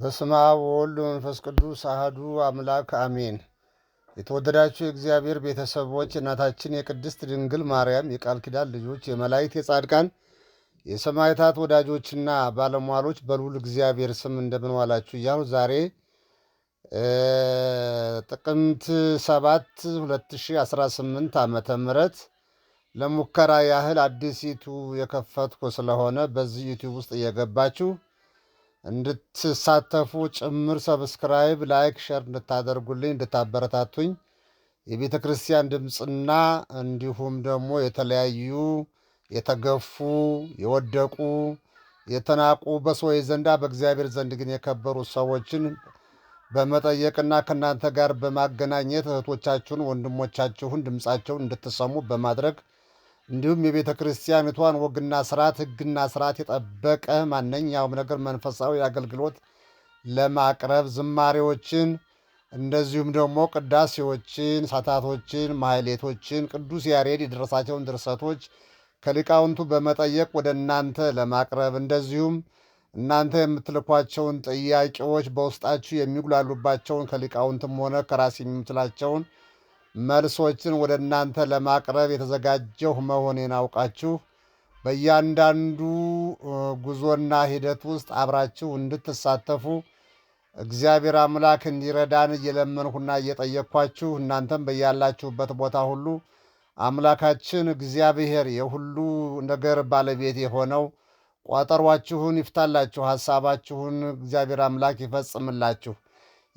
በስመ አብ ወወልድ ወመንፈስ ቅዱስ አህዱ አምላክ አሜን። የተወደዳችሁ የእግዚአብሔር ቤተሰቦች እናታችን የቅድስት ድንግል ማርያም የቃል ኪዳን ልጆች፣ የመላእክት የጻድቃን የሰማዕታት ወዳጆችና ባለሟሎች በልዑል እግዚአብሔር ስም እንደምንዋላችሁ እያሉ ዛሬ ጥቅምት 7 2018 ዓመተ ምሕረት ለሙከራ ያህል አዲስ ዩቲዩብ የከፈትኩ ስለሆነ በዚህ ዩቲዩብ ውስጥ እየገባችሁ እንድትሳተፉ ጭምር ሰብስክራይብ፣ ላይክ፣ ሸር እንድታደርጉልኝ እንድታበረታቱኝ የቤተ ክርስቲያን ድምፅና እንዲሁም ደግሞ የተለያዩ የተገፉ የወደቁ የተናቁ በሰዎች ዘንዳ በእግዚአብሔር ዘንድ ግን የከበሩ ሰዎችን በመጠየቅና ከእናንተ ጋር በማገናኘት እህቶቻችሁን ወንድሞቻችሁን ድምፃቸውን እንድትሰሙ በማድረግ እንዲሁም የቤተ ክርስቲያኒቷን ወግና ስርዓት ህግና ስርዓት የጠበቀ ማንኛውም ነገር መንፈሳዊ አገልግሎት ለማቅረብ ዝማሬዎችን፣ እንደዚሁም ደግሞ ቅዳሴዎችን፣ ሰዓታቶችን፣ ማህሌቶችን ቅዱስ ያሬድ የደረሳቸውን ድርሰቶች ከሊቃውንቱ በመጠየቅ ወደ እናንተ ለማቅረብ እንደዚሁም እናንተ የምትልኳቸውን ጥያቄዎች በውስጣችሁ የሚጉላሉባቸውን ከሊቃውንትም ሆነ ከራስ የምትላቸውን መልሶችን ወደ እናንተ ለማቅረብ የተዘጋጀሁ መሆኔን አውቃችሁ በእያንዳንዱ ጉዞና ሂደት ውስጥ አብራችሁ እንድትሳተፉ እግዚአብሔር አምላክ እንዲረዳን እየለመንሁና እየጠየቅኳችሁ እናንተም በያላችሁበት ቦታ ሁሉ አምላካችን እግዚአብሔር የሁሉ ነገር ባለቤት የሆነው ቋጠሯችሁን ይፍታላችሁ፣ ሐሳባችሁን እግዚአብሔር አምላክ ይፈጽምላችሁ።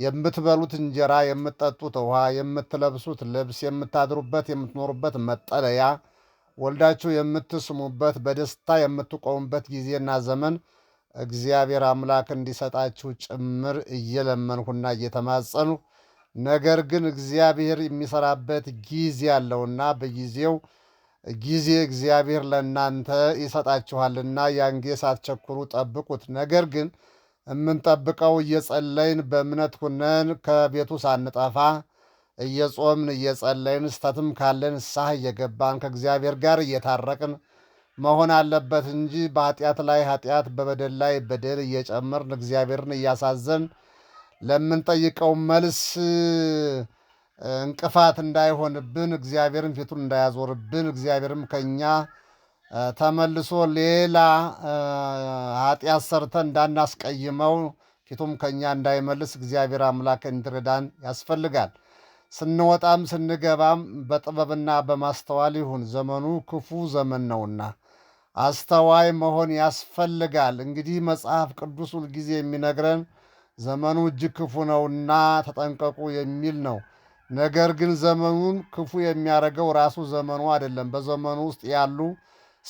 የምትበሉት እንጀራ፣ የምትጠጡት ውሃ፣ የምትለብሱት ልብስ፣ የምታድሩበት የምትኖሩበት መጠለያ፣ ወልዳችሁ የምትስሙበት፣ በደስታ የምትቆሙበት ጊዜና ዘመን እግዚአብሔር አምላክ እንዲሰጣችሁ ጭምር እየለመንሁና እየተማጸኑ ነገር ግን እግዚአብሔር የሚሰራበት ጊዜ አለውና በጊዜው ጊዜ እግዚአብሔር ለእናንተ ይሰጣችኋልና ያን ጊዜ ጠብቁት። ነገር ግን የምንጠብቀው እየጸለይን በእምነት ሁነን ከቤቱ ሳንጠፋ እየጾምን እየጸለይን ስተትም ካለን ሳህ እየገባን ከእግዚአብሔር ጋር እየታረቅን መሆን አለበት እንጂ በኃጢአት ላይ ኃጢአት በበደል ላይ በደል እየጨመርን እግዚአብሔርን እያሳዘን ለምንጠይቀው መልስ እንቅፋት እንዳይሆንብን እግዚአብሔርን ፊቱን እንዳያዞርብን እግዚአብሔርም ከእኛ ተመልሶ ሌላ ኃጢአት ሰርተን እንዳናስቀይመው ፊቱም ከእኛ እንዳይመልስ እግዚአብሔር አምላክ እንዲረዳን ያስፈልጋል። ስንወጣም ስንገባም በጥበብና በማስተዋል ይሁን፣ ዘመኑ ክፉ ዘመን ነውና አስተዋይ መሆን ያስፈልጋል። እንግዲህ መጽሐፍ ቅዱስ ሁልጊዜ የሚነግረን ዘመኑ እጅግ ክፉ ነውና ተጠንቀቁ የሚል ነው። ነገር ግን ዘመኑን ክፉ የሚያደርገው ራሱ ዘመኑ አይደለም፣ በዘመኑ ውስጥ ያሉ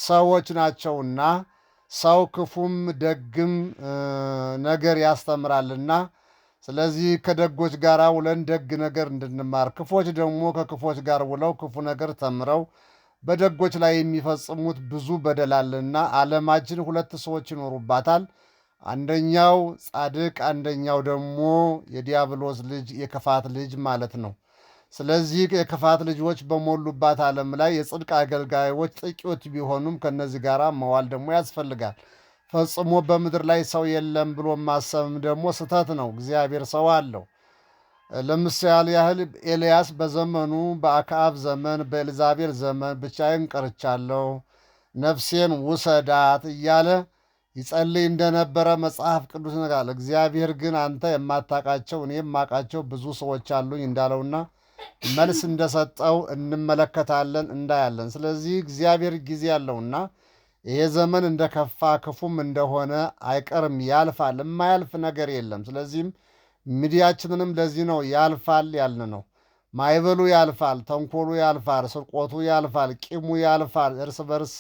ሰዎች ናቸውና ሰው ክፉም ደግም ነገር ያስተምራልና ስለዚህ ከደጎች ጋር ውለን ደግ ነገር እንድንማር፣ ክፎች ደግሞ ከክፎች ጋር ውለው ክፉ ነገር ተምረው በደጎች ላይ የሚፈጽሙት ብዙ በደላልና። አለማችን ዓለማችን ሁለት ሰዎች ይኖሩባታል። አንደኛው ጻድቅ፣ አንደኛው ደግሞ የዲያብሎስ ልጅ የክፋት ልጅ ማለት ነው። ስለዚህ የክፋት ልጆች በሞሉባት ዓለም ላይ የጽድቅ አገልጋዮች ጥቂት ቢሆኑም ከእነዚህ ጋር መዋል ደግሞ ያስፈልጋል። ፈጽሞ በምድር ላይ ሰው የለም ብሎ ማሰብም ደግሞ ስህተት ነው። እግዚአብሔር ሰው አለው። ለምሳሌ ያህል ኤልያስ በዘመኑ በአክዓብ ዘመን፣ በኤልዛቤል ዘመን ብቻዬን ቀርቻለሁ ነፍሴን ውሰዳት እያለ ይጸልይ እንደነበረ መጽሐፍ ቅዱስ ነጋል። እግዚአብሔር ግን አንተ የማታቃቸው እኔ የማውቃቸው ብዙ ሰዎች አሉኝ እንዳለውና መልስ እንደሰጠው እንመለከታለን እንዳያለን። ስለዚህ እግዚአብሔር ጊዜ ያለውና ይሄ ዘመን እንደከፋ ክፉም እንደሆነ አይቀርም፣ ያልፋል። የማያልፍ ነገር የለም። ስለዚህም ሚዲያችንንም ለዚህ ነው ያልፋል ያልን ነው። ማይበሉ ያልፋል፣ ተንኮሉ ያልፋል፣ ስርቆቱ ያልፋል፣ ቂሙ ያልፋል፣ እርስ በርስ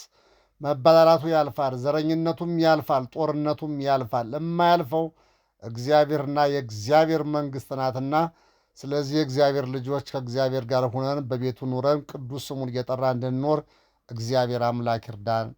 መባላላቱ ያልፋል፣ ዘረኝነቱም ያልፋል፣ ጦርነቱም ያልፋል። የማያልፈው እግዚአብሔርና የእግዚአብሔር መንግሥት ናትና ስለዚህ የእግዚአብሔር ልጆች ከእግዚአብሔር ጋር ሆነን በቤቱ ኑረን ቅዱስ ስሙን እየጠራ እንድንኖር እግዚአብሔር አምላክ ይርዳን።